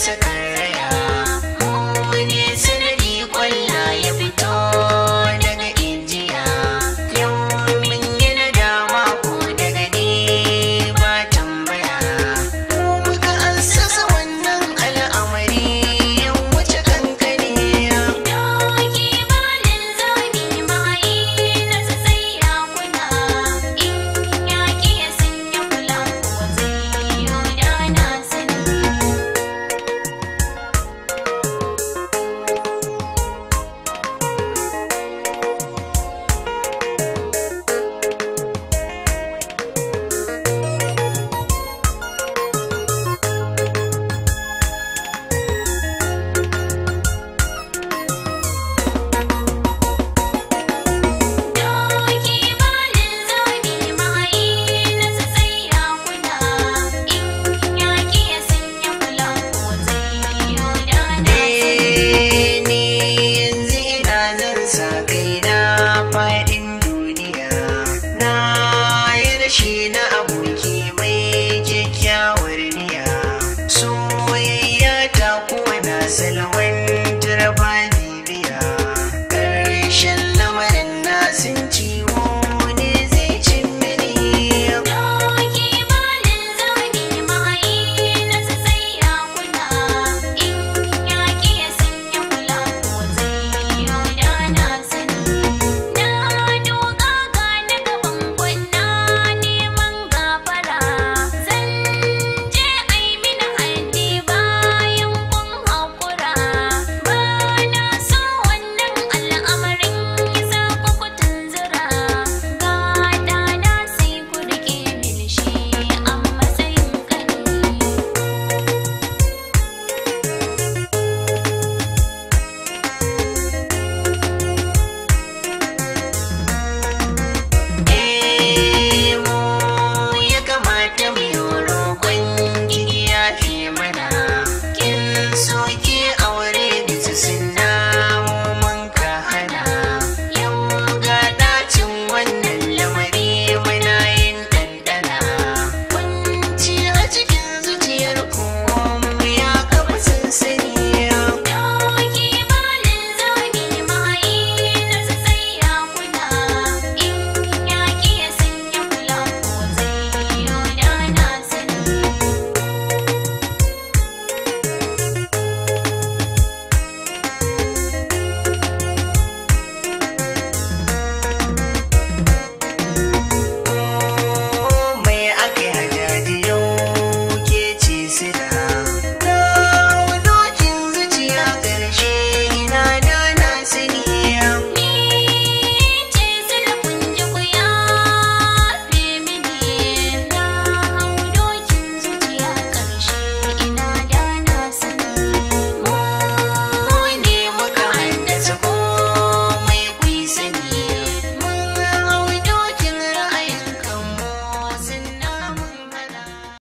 said.